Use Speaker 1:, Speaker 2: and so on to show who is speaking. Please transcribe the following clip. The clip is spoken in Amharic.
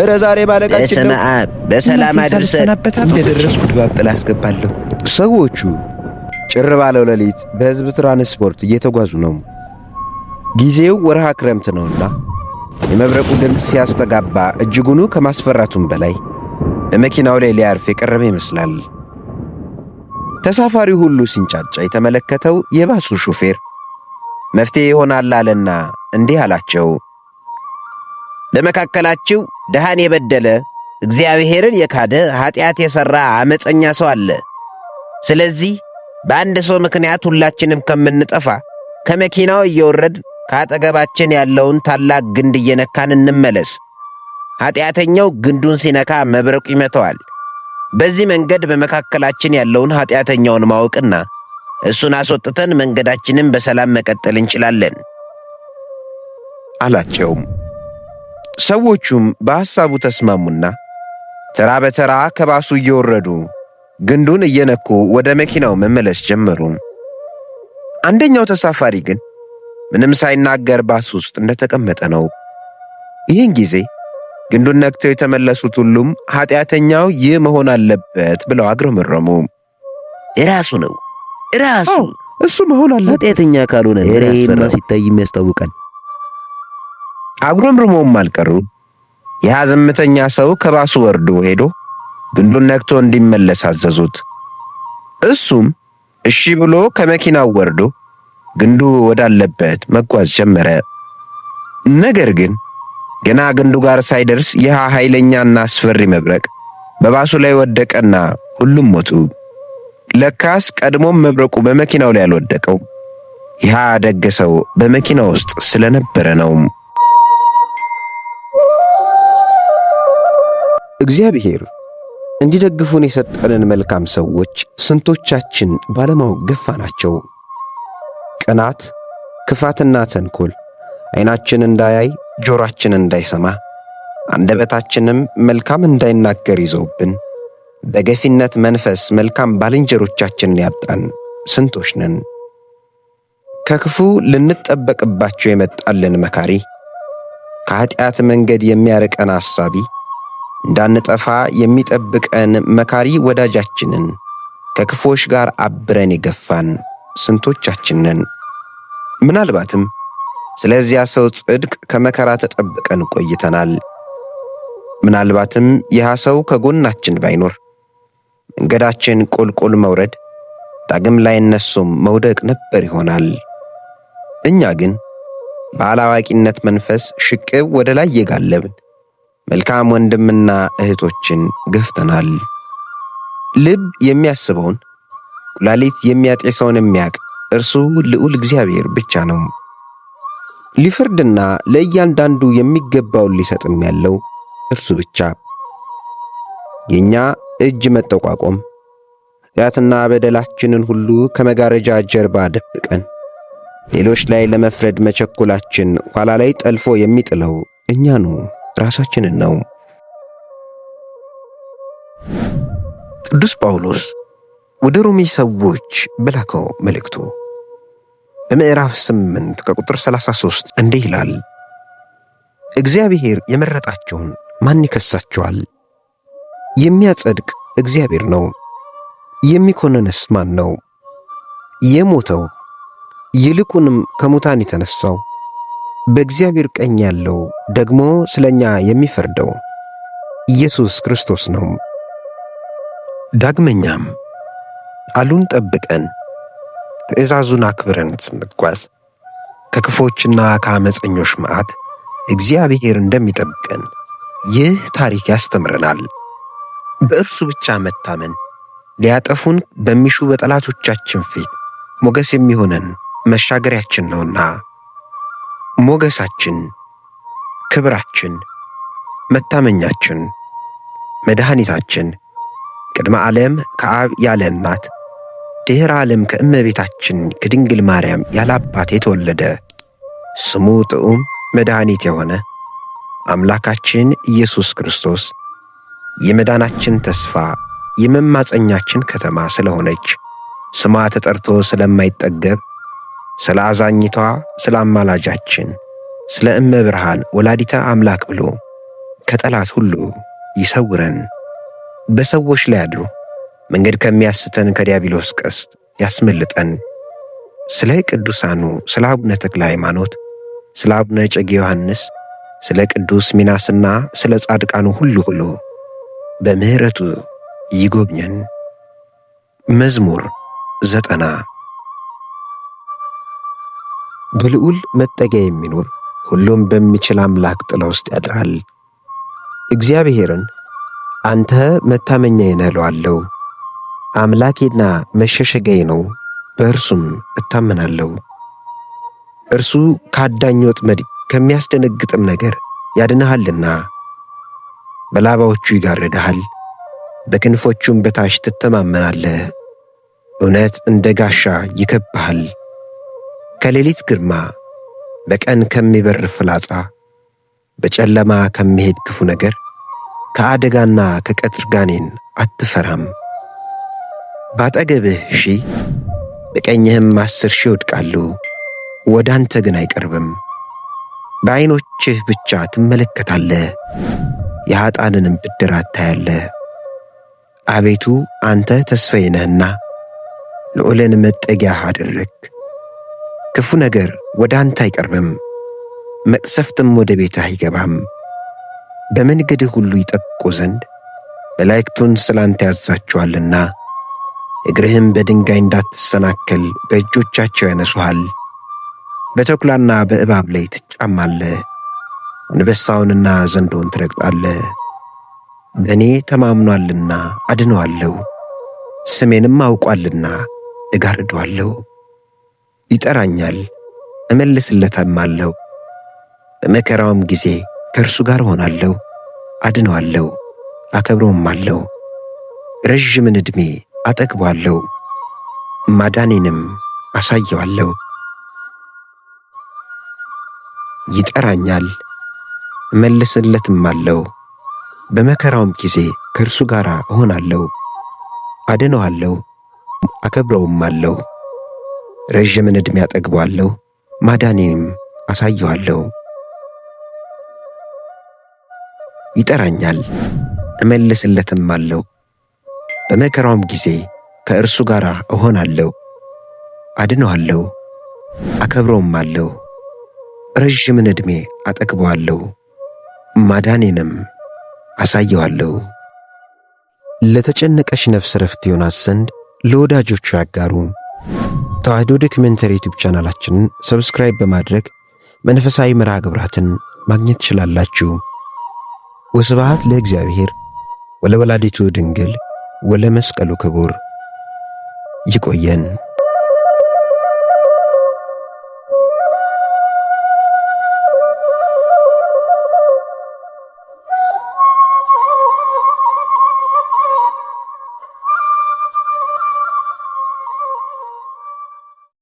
Speaker 1: እረ ዛሬ ባለቃችን በስመ አብ በሰላም አድርሰ
Speaker 2: እንደደረስኩ ድባብ ጥላ አስገባለሁ።
Speaker 3: ሰዎቹ ጭር ባለው ሌሊት በሕዝብ ትራንስፖርት እየተጓዙ ነው። ጊዜው ወርሃ ክረምት ነውና የመብረቁ ድምፅ ሲያስተጋባ እጅጉኑ ከማስፈራቱም በላይ በመኪናው ላይ ሊያርፍ የቀረበ ይመስላል። ተሳፋሪው ሁሉ ሲንጫጫ የተመለከተው የባሱ ሹፌር መፍትሄ ይሆናል አለና እንዲህ አላቸው፣ በመካከላችሁ ድሃን የበደለ እግዚአብሔርን የካደ ኀጢአት የሠራ ዓመፀኛ ሰው አለ። ስለዚህ በአንድ ሰው ምክንያት ሁላችንም ከምንጠፋ ከመኪናው እየወረድ ከአጠገባችን ያለውን ታላቅ ግንድ እየነካን እንመለስ። ኀጢአተኛው ግንዱን ሲነካ መብረቁ ይመተዋል። በዚህ መንገድ በመካከላችን ያለውን ኀጢአተኛውን ማወቅና እሱን አስወጥተን መንገዳችንን በሰላም መቀጠል እንችላለን አላቸውም። ሰዎቹም በሐሳቡ ተስማሙና ተራ በተራ ከባሱ እየወረዱ ግንዱን እየነኩ ወደ መኪናው መመለስ ጀመሩ። አንደኛው ተሳፋሪ ግን ምንም ሳይናገር ባስ ውስጥ እንደተቀመጠ ነው። ይህን ጊዜ ግንዱን ነክተው የተመለሱት ሁሉም ኃጢአተኛው ይህ መሆን አለበት ብለው አግረመረሙ።
Speaker 1: እራሱ ነው እራሱ እሱ መሆን አለ ኃጢአተኛ ካልሆነ ሲታይ የሚያስታውቃል
Speaker 3: አጉረምርሞም አልቀሩ ያ ዝምተኛ ሰው ከባሱ ወርዶ ሄዶ ግንዱን ነክቶ እንዲመለስ አዘዙት። እሱም እሺ ብሎ ከመኪናው ወርዶ ግንዱ ወዳለበት መጓዝ ጀመረ። ነገር ግን ገና ግንዱ ጋር ሳይደርስ ይህ ኃይለኛና አስፈሪ መብረቅ በባሱ ላይ ወደቀና ሁሉም ሞቱ። ለካስ ቀድሞም መብረቁ በመኪናው ላይ አልወደቀው። ይህ ደግ ሰው በመኪና ውስጥ ስለነበረ ነው። እግዚአብሔር እንዲደግፉን የሰጠንን መልካም ሰዎች ስንቶቻችን ባለማወቅ ገፋ ናቸው ቅናት፣ ክፋትና ተንኮል ዐይናችን እንዳያይ ጆሮአችን እንዳይሰማ አንደበታችንም መልካም እንዳይናገር ይዘውብን በገፊነት መንፈስ መልካም ባልንጀሮቻችንን ያጣን ስንቶች ነን? ከክፉ ልንጠበቅባቸው የመጣልን መካሪ፣ ከኀጢአት መንገድ የሚያርቀን አሳቢ እንዳንጠፋ የሚጠብቀን መካሪ ወዳጃችንን ከክፎች ጋር አብረን የገፋን ስንቶቻችን ነን? ምናልባትም ስለዚያ ሰው ጽድቅ ከመከራ ተጠብቀን ቆይተናል። ምናልባትም ይህ ሰው ከጎናችን ባይኖር መንገዳችን ቁልቁል መውረድ፣ ዳግም ላይ እነሱም መውደቅ ነበር ይሆናል። እኛ ግን ባላዋቂነት መንፈስ ሽቅብ ወደ ላይ የጋለብን መልካም ወንድምና እህቶችን ገፍተናል። ልብ የሚያስበውን ኩላሊት የሚያጤሰውን የሚያውቅ እርሱ ልዑል እግዚአብሔር ብቻ ነው። ሊፍርድና ለእያንዳንዱ የሚገባውን ሊሰጥም ያለው እርሱ ብቻ። የእኛ እጅ መጠቋቆም ኃጢአትና በደላችንን ሁሉ ከመጋረጃ ጀርባ ደብቀን ሌሎች ላይ ለመፍረድ መቸኮላችን ኋላ ላይ ጠልፎ የሚጥለው እኛ ነው። ራሳችንን ነው። ቅዱስ ጳውሎስ ወደ ሮሜ ሰዎች በላከው መልእክቱ በምዕራፍ 8 ከቁጥር 33 እንዲህ ይላል፣ እግዚአብሔር የመረጣቸውን ማን ይከሳቸዋል? የሚያጸድቅ እግዚአብሔር ነው። የሚኮንንስ ማን ነው? የሞተው ይልቁንም ከሙታን የተነሳው በእግዚአብሔር ቀኝ ያለው ደግሞ ስለ እኛ የሚፈርደው ኢየሱስ ክርስቶስ ነው። ዳግመኛም አሉን ጠብቀን ትእዛዙን አክብረን ስንጓዝ ከክፎችና ከአመፀኞች መዓት እግዚአብሔር እንደሚጠብቀን ይህ ታሪክ ያስተምረናል። በእርሱ ብቻ መታመን ሊያጠፉን በሚሹ በጠላቶቻችን ፊት ሞገስ የሚሆነን መሻገሪያችን ነውና። ሞገሳችን፣ ክብራችን፣ መታመኛችን፣ መድኃኒታችን ቅድመ ዓለም ከአብ ያለ እናት ድኅረ ዓለም ከእመቤታችን ከድንግል ማርያም ያለ አባት የተወለደ ስሙ ጥዑም መድኃኒት የሆነ አምላካችን ኢየሱስ ክርስቶስ የመዳናችን ተስፋ የመማፀኛችን ከተማ ስለሆነች ስሟ ተጠርቶ ስለማይጠገብ ስለ አዛኝቷ ስለ አማላጃችን ስለ እመ ብርሃን ወላዲተ አምላክ ብሎ ከጠላት ሁሉ ይሰውረን። በሰዎች ላይ አድሮ መንገድ ከሚያስተን ከዲያብሎስ ቀስት ያስመልጠን። ስለ ቅዱሳኑ ስለ አቡነ ተክለ ሃይማኖት፣ ስለ አቡነ ጨጌ ዮሐንስ፣ ስለ ቅዱስ ሚናስና ስለ ጻድቃኑ ሁሉ ብሎ በምሕረቱ ይጎብኘን። መዝሙር ዘጠና በልዑል መጠጊያ የሚኖር ሁሉም በሚችል አምላክ ጥላ ውስጥ ያድራል። እግዚአብሔርን አንተ መታመኛዬ ነህ እለዋለሁ። አምላኬና መሸሸጊያዬ ነው፣ በእርሱም እታመናለሁ። እርሱ ከአዳኝ ወጥመድ ከሚያስደነግጥም ነገር ያድንሃልና። በላባዎቹ ይጋርድሃል፣ በክንፎቹም በታች ትተማመናለህ። እውነት እንደ ጋሻ ይከብሃል። ከሌሊት ግርማ በቀን ከሚበር ፍላጻ በጨለማ ከሚሄድ ክፉ ነገር ከአደጋና ከቀትር ጋኔን አትፈራም። ባጠገብህ ሺህ በቀኝህም አስር ሺህ ይወድቃሉ፣ ወደ አንተ ግን አይቀርብም። በዐይኖችህ ብቻ ትመለከታለህ፣ የኀጣንንም ብድራት ታያለ አቤቱ አንተ ተስፋዬ ነህና ልዑልን መጠጊያህ አደረግህ። ክፉ ነገር ወደ አንተ አይቀርብም፣ መቅሰፍትም ወደ ቤትህ አይገባም። በመንገድህ ሁሉ ይጠብቁ ዘንድ መላእክቱን ስለ አንተ ያዛቸዋልና እግርህም በድንጋይ እንዳትሰናከል በእጆቻቸው ያነሱሃል። በተኩላና በእባብ ላይ ትጫማለህ፣ አንበሳውንና ዘንዶውን ትረግጣለህ። በእኔ ተማምኗልና አድነዋለሁ፣ ስሜንም አውቋልና እጋርደዋለሁ። ይጠራኛል፣ እመልስለታማለሁ። በመከራውም ጊዜ ከእርሱ ጋር ሆናለሁ፣ አድነዋለሁ፣ አከብረውማለሁ። አለው። ረዥምን ዕድሜ አጠግቧለሁ፣ ማዳኔንም አሳየዋለሁ። ይጠራኛል፣ እመልስለትም አለው። በመከራውም ጊዜ ከእርሱ ጋር እሆናለሁ፣ አድነዋለሁ፣ አከብረውም አለው። ረዥምን ዕድሜ አጠግቧለሁ፣ ማዳኔንም አሳየዋለሁ። ይጠራኛል፣ እመልስለትም አለው። በመከራውም ጊዜ ከእርሱ ጋር እሆናለሁ፣ አድነዋለሁ፣ አከብረውም አለው። ረዥምን ዕድሜ አጠግበዋለሁ፣ ማዳኔንም አሳየዋለሁ። ለተጨነቀሽ ነፍስ ረፍት ይሆናት ዘንድ ለወዳጆቹ ያጋሩ። ተዋህዶ ዶክመንተሪ ዩቲዩብ ቻናላችንን ሰብስክራይብ በማድረግ መንፈሳዊ መርሃ ግብራትን ማግኘት ትችላላችሁ። ወስብሐት ለእግዚአብሔር ወለወላዲቱ ድንግል ወለመስቀሉ ክቡር። ይቆየን።